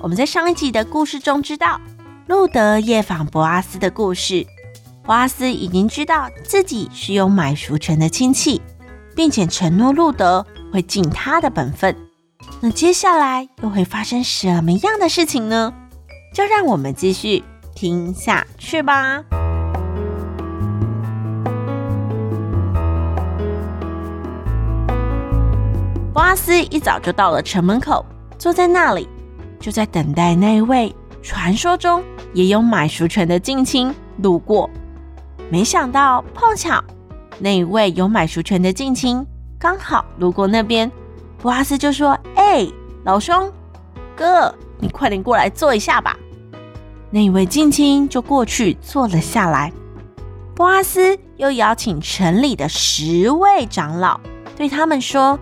我們在上一集的故事中知道，路得夜訪波阿斯的故事。波阿斯已經知道自己是有買贖權的親戚，並且承諾路得會盡他的本分。那接下來又會發生什麼樣的事情呢？就讓我們繼續聽下去吧。波阿斯一早就到了城門口，坐在那裡。就在等待那位傳說中也有買贖權的近親路過，沒想到碰巧那位有買贖權的近親剛好路過那邊，波阿斯就說：“哎、欸，老兄，哥，你快點過來坐一下吧。”那位近親就過去坐了下來。波阿斯又邀請城裡的十位長老，對他們說：“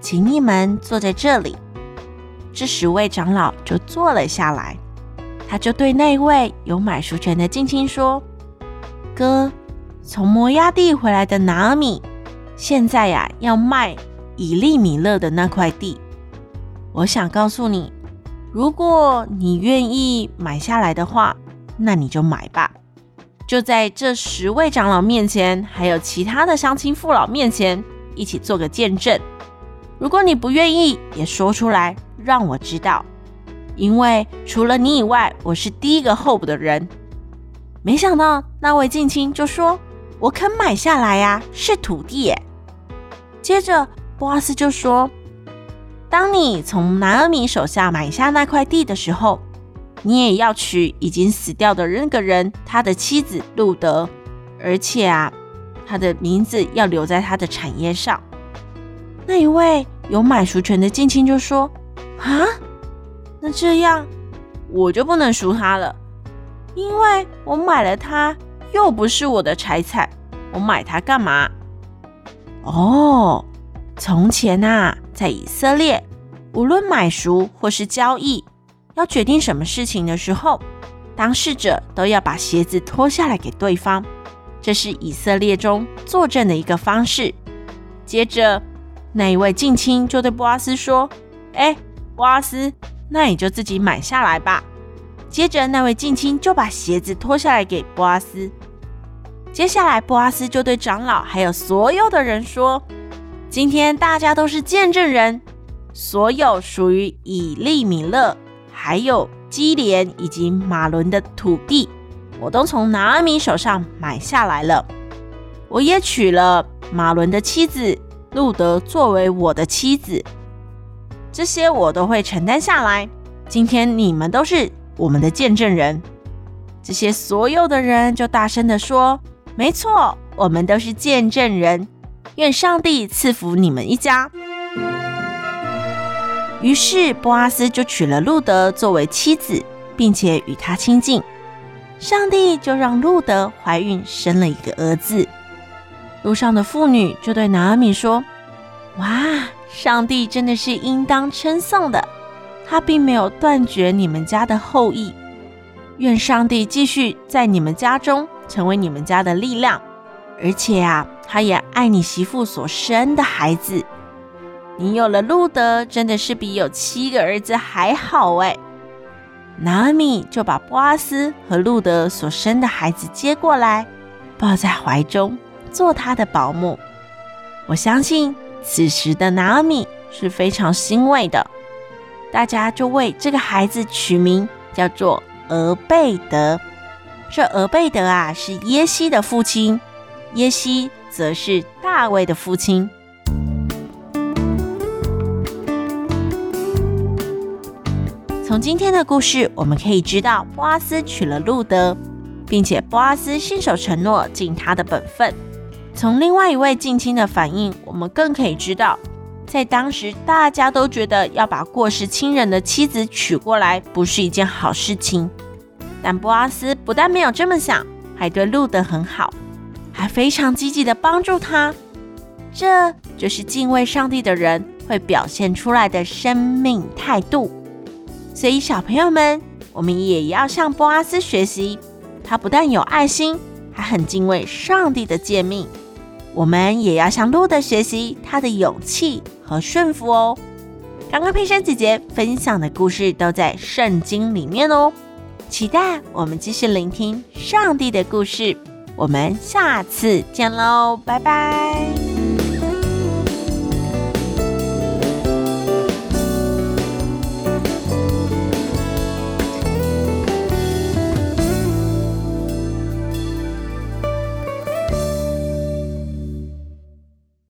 請你們坐在這裡。”這十位長老就坐了下來，他就對那位有買贖權的近親說：“哥，從摩押地回來的拿俄米，現在呀，啊，要賣以利米勒的那塊地。我想告訴你，如果你願意買下來的話，那你就買吧。就在這十位長老面前，還有其他的鄉親父老面前，一起做個見證。如果你不願意，也說出來。”讓我知道，因為除了你以外，我是第一個 hope 的人。沒想到那位近親就說：“我肯買下來呀、啊，是土地。”接着波阿斯就說：“當你從拿俄米手下買下那塊地的時候，你也要娶已經死掉的那個人他的妻子路得。而且啊，他的名字要留在他的產業上。”那一位有買贖權的近親就說。啊，那這樣我就不能贖他了，因為我買了他又不是我的財產，我買它幹嘛？哦，從前啊，在以色列，無論買贖或是交易，要決定什麼事情的時候，當事者都要把鞋子脫下來給對方，這是以色列中作證的一個方式。接着，那一位近親就對波阿斯說：“哎、欸。”波阿斯，那你就自己買下來吧。接着，那位近親就把鞋子脫下來給波阿斯。接下來，波阿斯就對長老還有所有的人說：“今天大家都是見證人，所有屬於以利米勒、還有基連以及馬倫的土地，我都從拿俄米手上買下來了。我也娶了馬倫的妻子路得作為我的妻子。”這些我都會承擔下來。今天你們都是我們的見證人。這些所有的人就大聲的說：“沒錯，我們都是見證人。”願上帝賜福你們一家。於是波阿斯就娶了路得作為妻子，並且與她親近。上帝就讓路得懷孕，生了一個兒子。路上的婦女就對拿阿米說：“哇！”上帝真的是應當稱頌的，他並沒有斷絕你們家的後裔。願上帝繼續在你們家中成為你們家的力量，而且啊，他也愛你媳婦所生的孩子。你有了路得，真的是比有七個兒子還好誒。拿俄米就把波阿斯和路得所生的孩子接過來，抱在懷中，做他的保姆。我相信。此時的拿俄米是非常欣慰的，大家就為這個孩子取名叫做俄貝德。這俄貝德啊，是耶西的父親，耶西則是大衛的父親。從今天的故事，我們可以知道波阿斯娶了路得，並且波阿斯信守承諾，盡他的本分。從另外一位近親的反應，我們更可以知道，在當時大家都覺得要把過世親人的妻子娶過來不是一件好事情。但波阿斯不但沒有這麼想，還對路得很好，還非常積極地幫助他。這就是敬畏上帝的人會表現出來的生命態度。所以小朋友們，我們也要向波阿斯學習，他不但有愛心，還很敬畏上帝的誡命。我們也要向路得學習，他的勇氣和順服哦。剛剛佩珊姐姐分享的故事都在聖經裡面哦。期待我們繼續聆聽上帝的故事。我們下次見嘍，拜拜。